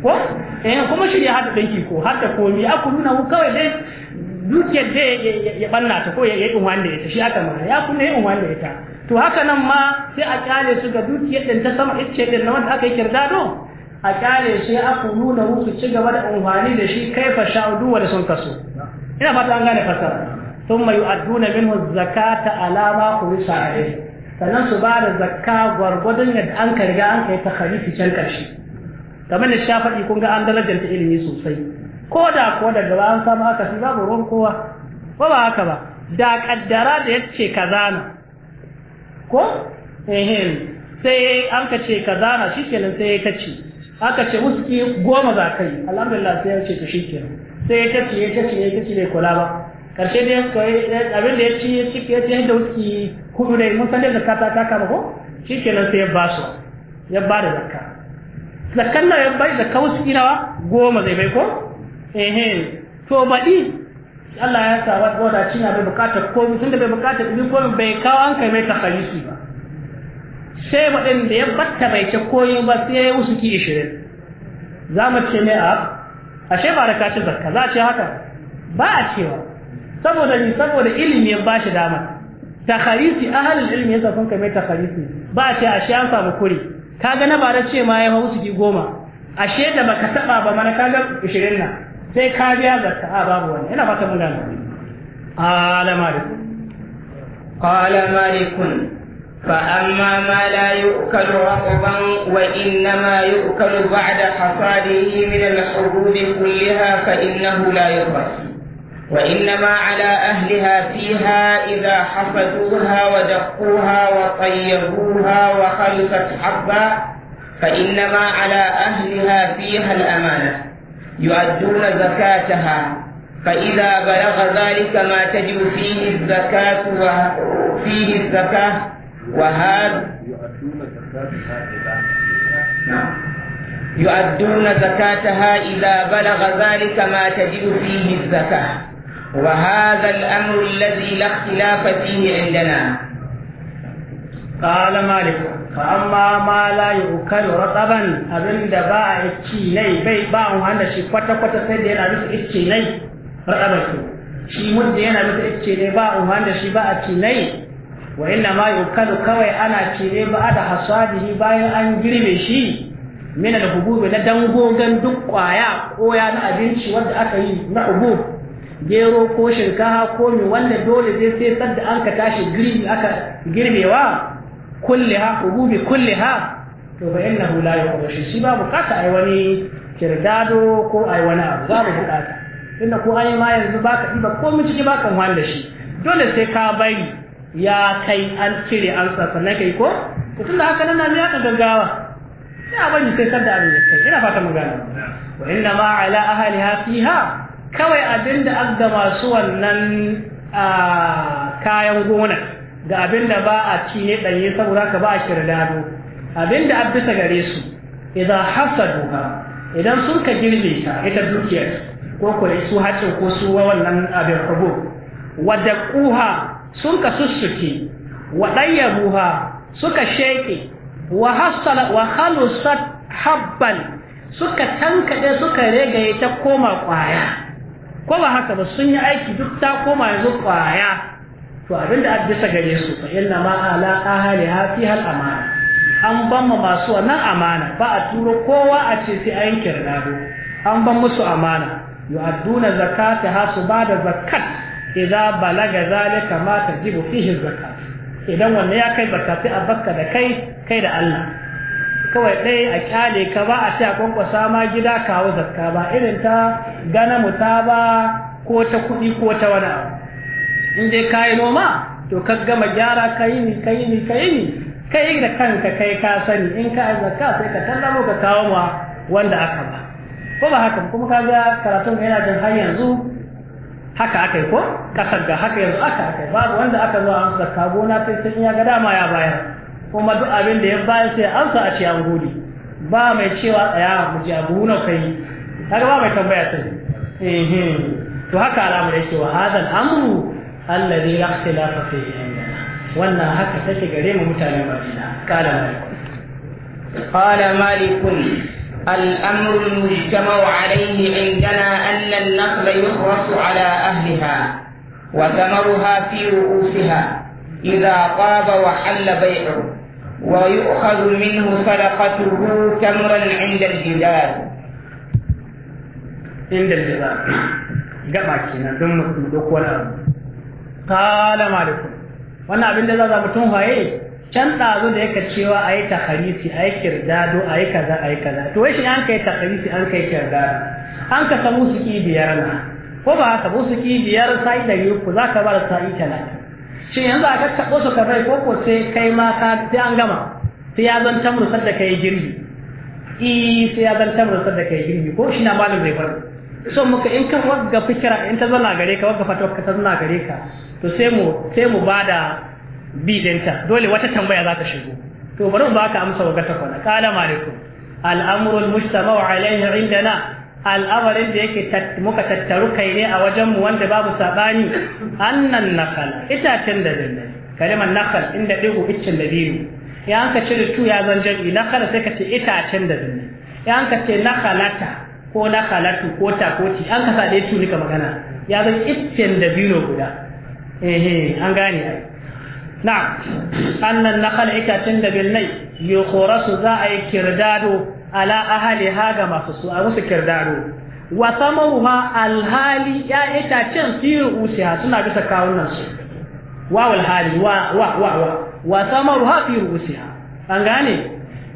ko eh kuma shirya hada dinki ko da komi akuluna hu kawai dai dukiyar da ya banna ta ko ya yi unwa da ita shi aka mana ya kuma yi unwa da ita to haka nan ma sai a kyale su ga dukiyar din ta sama icce din na wanda aka yi do a kyale shi aka nuna musu ci gaba da unwani da shi kai sha'udu wa da sun kaso ina fata an gane fasara mai yu'adduna minhu zakata ala ma qulisa alayhi sannan su ba da zakka gwargwadon yadda an ka an kai ta khalifi can karshe kamar da shafa'i kun ga an darajar ta ilimi sosai ko da ko daga ba an samu haka shi babu ruwan kowa ko ba haka ba da kaddara da yace kaza na ko eh sai an ka ce kaza na shikenan sai ya kace aka ce wuski goma za ka yi alhamdulillah sai ya ce shi shikenan sai ya kace ya kace ya kace bai kula ba karshe ne kai abin da ya ci ya ci ya ci da uski ne mun san da zakata ta kama ko shikenan sai ya basu ya ba da zakka zakkan nan ya bai zakka uski nawa goma zai bai ko Ehe to baɗi Allah ya sa wata wata cina bai bukata komi tunda bai bukata ɗin komi bai kawo an kai mai tafariki ba sai waɗin da ya batta bai ce koyi ba sai ya yi usuki ishirin za mu ce mai a ashe ba da kaci zakka za a ce haka ba a cewa saboda ni saboda ilimi ya bashi dama takharisi ahalin ilimi ya sun kai mai takharisi ba a ce ashe an samu kuri kaga na ba da ce ma ya hau usuki goma ashe da baka taɓa ba mana kaga ishirin na قال مالك قال مالك فأما ما لا يؤكل رطبا وإنما يؤكل بعد حصاده من الحبوب كلها فإنه لا يقص وإنما على أهلها فيها إذا حفظوها ودقوها وطيبوها وخلفت حبا فإنما على أهلها فيها الأمانة يؤدون زكاتها فإذا بلغ ذلك ما تجب فيه الزكاة وفيه الزكاة وهذا نعم. يؤدون زكاتها إذا بلغ ذلك ما تجب فيه الزكاة وهذا الأمر الذي لا اختلاف فيه عندنا قال مالك فأما ما لا يؤكل رطبا أبن دباء إتشيني بي باعوا عند شي فتا فتا سيدي أنا بس إتشيني رطبا شي مدي أنا بس إتشيني باعوا عند شي باع اتشيني وإنما يؤكل كوي أنا إتشيني بعد حصاده باي أن جرمي شي من الحبوب na dangogin duk kwaya ko أنا أبن شي ود أكي yi gero ko shinkafa ko mi wanda dole zai sai sadda an ka tashi girbi aka girbewa kulliha hububi kulliha to fa hula la yuqbalu shi ba bukata ai wani kirdado ko ai wani abu bukata tunda ko ai ma yanzu baka diba ko mun ciki baka wanda shi dole sai ka bari ya kai an cire an sasa na kai ko to tunda haka nan na ka gaggawa sai a bari sai sadda abin ya kai ina fata mun gane wa inna ma ala ahliha fiha kawai abinda an gama su wannan ah, kayan gona ga abin da ba a ci ne ɗanye saboda ka ba a kirdado abin da abisa gare su idan hasaduha idan sun ka girbe ta ita dukiyar ko kuma su hacin ko su wa wannan abin rubu wadda kuha sun ka sussuke waɗanya ruha suka sheke wa hasala wa halusa habban suka tankaɗe suka regaye ta koma ƙwaya ko ba haka ba sun yi aiki duk ta koma yanzu ƙwaya to abinda a bisa gare su fa inna ma ala ahli ha fi hal amana an ban ma masu wannan amana ba a turo kowa a ce sai an kirnado an ban musu amana aduna zakata ha su da zakat idza balaga zalika ma tajibu fihi zakat idan wanne ya kai zakati a bakka da kai kai da Allah kawai dai a kyale ka ba a ce a kwankwasa ma gida kawo zakka ba irin ta gana mu ko ta kuɗi ko ta wani abu in dai ka yi noma to ka gama gyara ka yi ni ka yi ni ka yi ni kai da kanka kai ka sani in ka yi zakka sai ka tallamo ka kawo ma wanda aka ba ko ba haka kuma ka ga karatun yana da har yanzu haka aka yi ko kasar da haka yanzu aka aka yi babu wanda aka zo an zakka gona sai sun ya ga dama ya bayar kuma duk abin da ya bayar sai an sa a ce an gode ba mai cewa tsaya mu ji abu na kai kaga ba mai tambaya sai eh to haka alamu yake wa hadal amru alladhi la ikhtilafa fihi indana wannan haka take gare mu mutanen Madina qala malik qala malik الأمر المجتمع عليه عندنا أن النخل يخرس على أهلها وثمرها في رؤوسها إذا طاب وحل بيعه ويؤخذ منه صدقته تمرا عند الجدار عند الجدار gaba kenan don mutum duk abu qala malik wannan abin da za mutum haye can ɗazu da yake cewa a yi taharisi a yi kirdado a yi kaza a yi kaza to wai shi an kai taharisi an kai kirdado an ka samu su ki biyar na ko ba haka samu su ki biyar sai da yi ku za ka bar sai talatin shi yanzu a kakkaɓo su ka bai ko ko sai kai ma ka sai an gama sai ya zan tamurusar da kai girbi i sai ya zan tamurusar da kai girbi ko shi na malin zai faru so muka in ka wagga fikira in ta zauna gare ka wagga fatawa ta zauna gare ka to sai mu sai mu bada bidinta dole wata tambaya za ta shigo to bari ba baka amsa wagga ta kwana kala malikum al'amru al-mujtama'u alayhi indana al'amarin da yake muka tattaru kai ne a wajenmu wanda babu saɓani annan nakal itacen da dindin kalimar nakal inda ɗigo iccen da biyu ya an ka cire tu ya zan jam'i nakal sai ka ce itacen da dindin ya an ka ce nakalata ko na kalatu ko takoti an kasa ɗaya tunika magana ya zan iccen da bino guda eh an gane ai na annan nakal itacen da bilnai yukhrasu za a yi kirdado ala ahali ga masu su a musu kirdado wa ruwa alhali ya itacen fi ru'usiha suna bisa kawunan su wa alhali wa wa wa wa wa samaruha fi ru'usiha an gane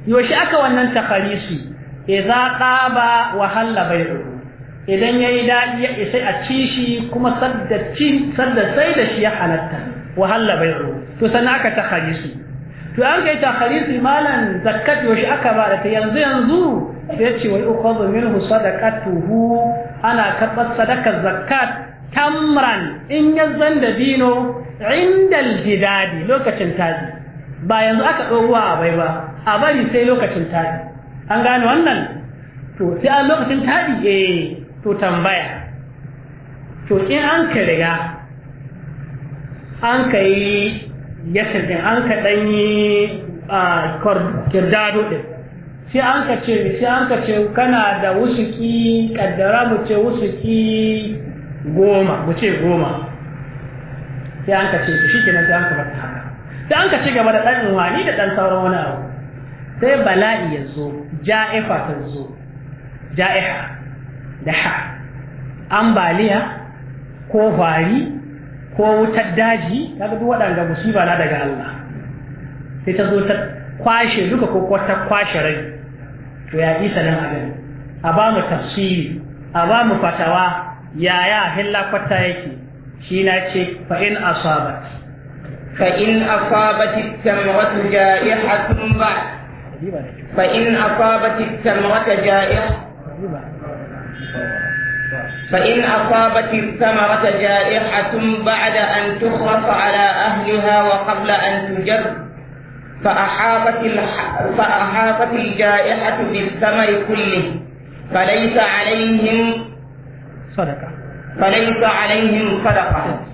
Yaushe aka wannan takarisi idza qaba wa halla bai'u idan yayi dadi ya isa a ci shi kuma sadda ci sadda sai da shi ya halatta wa halla bai'u to sannan aka ta kharisi to an kai ta kharisi malan zakat yoshi aka ba da ta yanzu yanzu sai ce wai ukhadhu minhu sadaqatuhu ana karbar sadakar zakat tamran in yazan da dino indal jidadi lokacin tazi ba yanzu aka ɗau a bai ba a bari sai lokacin tazi an gane wannan to sai a lokacin taɗi eh to tambaya to in an ka riga an ka yi yasa an ka ɗan yi a kirdado ɗin sai an ka ce sai an ka ce kana da wusuki kaddara mu ce wusuki goma mu ce goma sai an ka ce shi kenan sai an ka bata haka sai an ka ci gaba da ɗan wani da ɗan sauran wani abu sai bala'i ya zo ja'ifa ta zo ja'iha da ha ambaliya ko fari ko wutar daji kaga duk waɗanda musiba na daga Allah sai ta zo ta kwashe duka ko ko ta kwashe rai to ya isa nan a gani a ba mu tafsiri a ba mu fatawa yaya hilla kwata yake shi na ce fa in asabat fa in asabat tamratu ja'ihatun ba'd fa in asabatik samarata ja'ir fa in asabatik samarata ja'ir atum ba'da an tukhrafa ala ahliha wa qabla an tujar fa ahabat al ja'ihatu bis samari kullih falaysa alayhim sadaqa falaysa alayhim sadaqa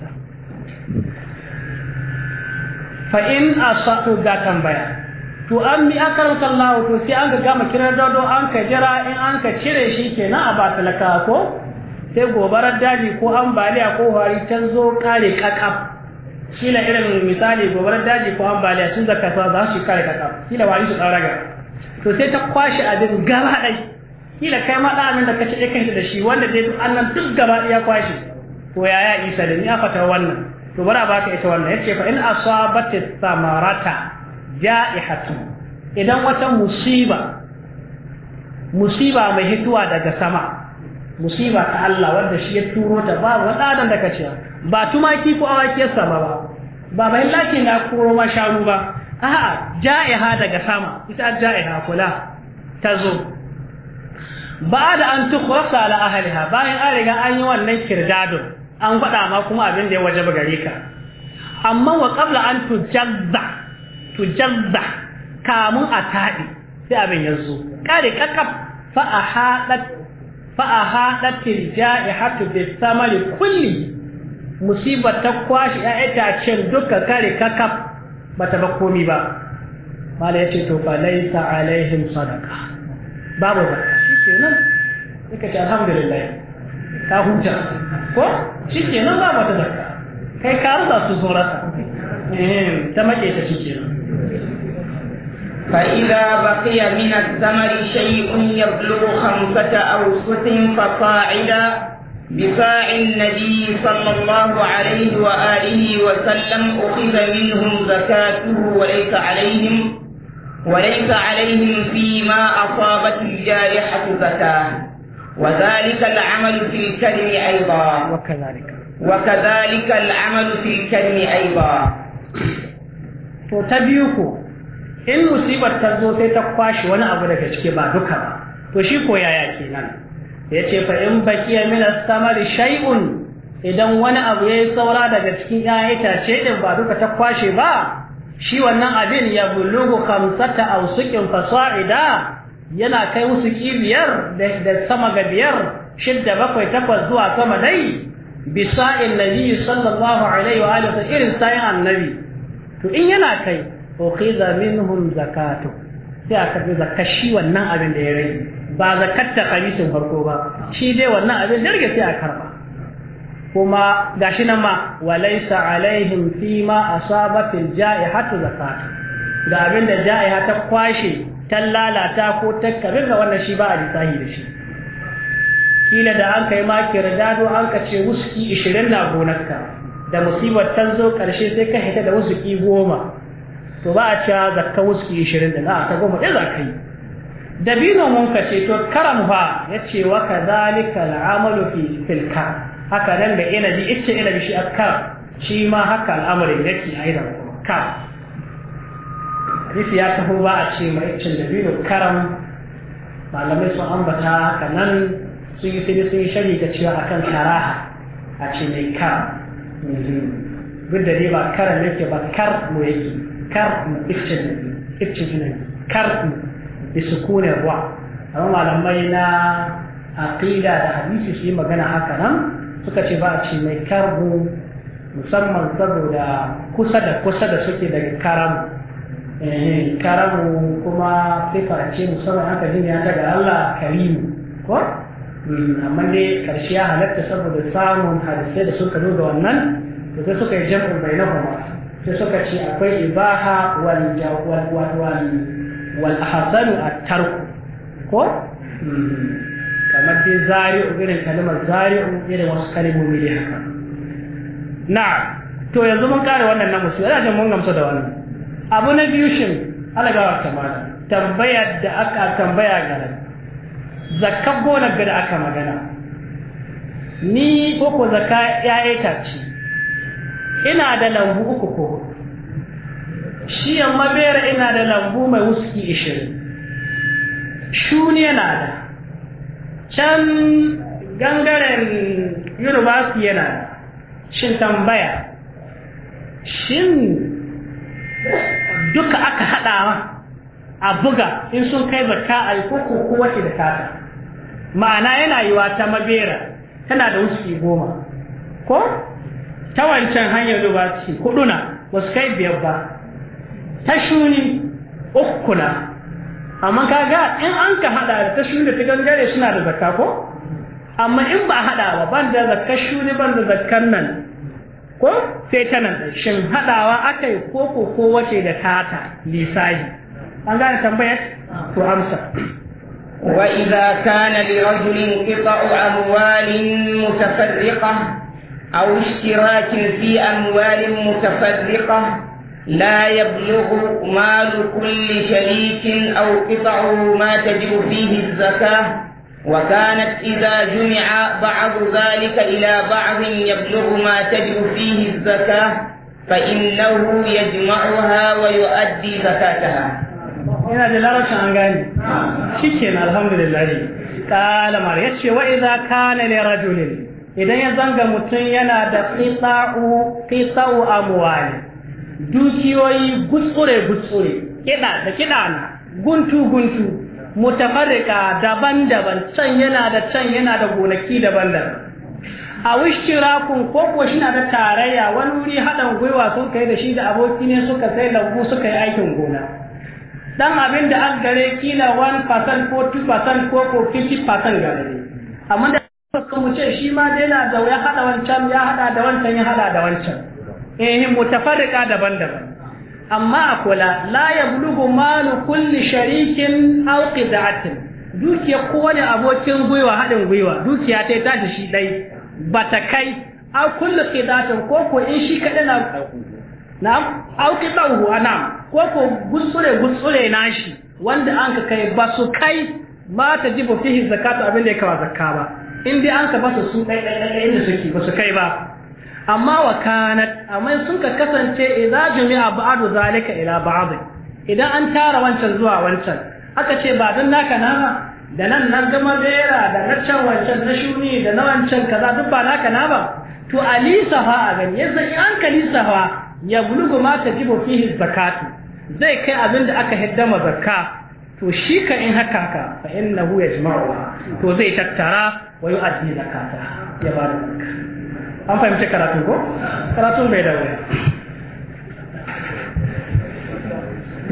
da tambaya to an mi akarar sallahu to sai an ga gama da dodo an ka jira in an ka cire shi kenan a ba talaka ko sai gobarar daji ko ambaliya ko hari ta zo kare kakaf kila irin misali gobarar daji ko ambaliya sun zaka sa za su kare kakaf kila wani su tsaraga to sai ta kwashi abin gaba dai kila kai ma da da ka ci kanka da shi wanda dai duk annan duk gaba ya kwashi to yaya isa da ni a fata wannan to bara ka ita wannan yace fa in asabatis samarata ja'ihatu idan wata musiba musiba mai hituwa daga sama musiba ta Allah wanda shi ya turo ta ba dan da kace ba tumaki ko awakiyar sama ba ba bayan lakin na koro ma sharu ba a'a ja'iha daga sama ita ja'iha kula tazo ba da an tukhrasa ala ahliha bayan an riga an yi wannan kirdadin an gwada ma kuma abin da ya wajaba gare ka amma wa qabla an tujazza tujazza kamun a taɗi sai abin ya zo ƙari ƙaƙaf ja'i hatu bai samari kulli musibar ta kwashe ‘ya'ya tacen duka kare ƙaƙaf ba ta ba komi ba mala ya ce to fa laisa alaihim sadaka babu ba shi ke nan suka ce alhamdulillah ka huta ko shi ke nan babu ta zakka kai ka za su zo rasa eh, ta maƙe ta shi ke nan فإذا بقي من الثمر شيء يبلغ خمسة أوسط فصاعدا بفاع النبي صلى الله عليه وآله وسلم أخذ منهم زكاته وليس عليهم وليس عليهم فيما أصابت الجارحة زكاة وذلك العمل في الكلم أيضا وكذلك وكذلك العمل في الكلم أيضا to ta biyu ko in musibar ta zo sai ta kwashi wani abu daga ciki ba duka ba to shi ko yaya kenan yace fa in baki min as-samari shay'un idan wani abu yayi saura daga cikin 'ya'yan itace din ba duka ta kwashe ba shi wannan abin ya bulugu khamsata awsuqin fasa'ida yana kai wasu kibiyar da sama ga biyar shidda bakwai takwas zuwa sama dai bisa'in nabi sallallahu alaihi wa alihi irin sa'in annabi to in yana kai ukhiza minhum zakatu sai aka bi zakashi wannan abin da ya rage ba zakat ta qamisin farko ba shi dai wannan abin da rage sai a karba kuma gashi nan ma walaysa alaihim fima asabatil ja'ihatu zakatu da abin da ja'iha ta kwashe ta lalata ko ta karinga wannan shi ba a lissahi da shi kila da an kai maki radado an ka ce wuski 20 na gonarka da musibar ta zo karshe sai ka hita da wuski goma to ba a cewa zakka wasu ishirin da za a ta goma ɗaya za ka yi dabino mun ka ce to karam fa ya ce wa ka zalika al'amalu fi filka haka nan da inabi ita inabi shi a akka shi ma haka al'amarin yake a idan ka hadisi ya taho ba a ce mai cin dabino karam malamai sun ambata haka nan sun yi sai sun yi shari ga cewa akan karaha a ce mai karam mai duk da ne ba karam yake ba kar mu yake كرم افتن افتن كرم بسكون الرع amma malamai na aqida da hadisi su yi magana haka nan suka ce ba a ce mai karbu musamman saboda kusa da kusa da suke daga karamu karamu kuma sai farace musamman haka jin ya daga Allah karimu ko amma dai karshe ya halatta saboda samun hadisai da suka zo da wannan da sai suka yi jam'in bainahuma sai suka ce akwai ibaha wal wal ahsanu at-tarku ko mm-hmm. kamar dai zari'u irin kalmar zari'u irin wasu kalmomi dai haka na to yanzu mun kare wannan na musu yana jin mun gamsu da wannan abu na biyu shin alagawar kamata tambayar da aka tambaya ga nan na gonar da aka magana ni ko ko ya yayi tace ina da lambu uku ko hudu shi yamma bera ina da lambu mai wuski ishirin shuni yana da can gangaren yunibasi yana da shin tambaya shin duka aka haɗawa a buga in sun kai baka a ko wace da tata ma'ana yana yiwa ta mabera tana da wuski goma ko ta wancan hanyar da ba su hudu ba su kai biyar ba ta shuni uku amma kaga in an ka hada da ta shuni da ta gangare suna da zakka ko amma in ba hada ba ban da zakkar shuni ban da zakkan nan ko sai ta nan shin hadawa aka yi ko ko ko wace da tata lisahi an gane tambayar to amsa وإذا كان لرجل قطع أموال متفرقة أو اشتراك في أموال متفرقة لا يبلغ مال كل شريك أو قطعه ما تجب فيه الزكاة وكانت إذا جمع بعض ذلك إلى بعض يبلغ ما تجب فيه الزكاة فإنه يجمعها ويؤدي زكاتها. ina da larabcin an gani الحمد لله قال ne وإذا كان لرجل idan ya zanga mutum yana da qita'u amwali dukiyoyi gutsure gutsure kiɗa da kiɗa na guntu guntu mutafarika daban-daban can yana da can yana da gonaki daban-daban a wishtirakun rakun koko shi na da tarayya wani wuri haɗin gwiwa sun kai da shi da aboki ne suka sai lambu suka yi aikin gona dan abin da an gare kila 1% ko 2% ko 50% gare amma ce shi ma dai na da ya hada wancan ya hada da wancan ya hada da wancan eh mutafarriqa daban-daban amma akola la yablughu malu kulli sharikin aw qida'atin dukiya wani abokin gwiwa haɗin gwiwa dukiya ta tashi shi dai ba ta kai aw kulli qida'atin ko ko in shi kada na na'am aw qidahu ana ko ko gutsure gutsure nashi wanda an ka kai ba su kai ma ta jibu fihi zakatu abin da ya kawo zakka ba in dai an ka basu su ɗai ɗai inda suke ba su kai ba amma wa kanat amma sun ka kasance idza jumi'a ba'du zalika ila ba'd idan an tara wancan zuwa wancan aka ce ba dan naka na ba da nan nan gama bera da na can wancan na shuni da na wancan kaza duk ba naka na ba to alisafa a gani yadda in an kalisafa ya bulugu ma tajibu fihi zakatu zai kai abin da aka hiddama zakka to shi ka in haka ka fa innahu yajma'u to zai tattara wa yu'addi zakata ya ba da zakka an fahimci karatu ko karatu bai da wani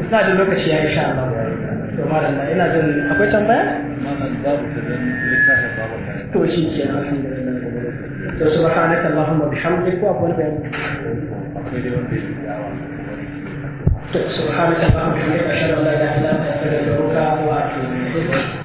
ina jin lokaci ya insha Allah to malam na ina jin akwai tambaya to shi ke to subhanaka allahumma bihamdika wa qul سبحانك اللهم وبحمدك اشهد ان لا اله الا انت استغفرك واتوب اليك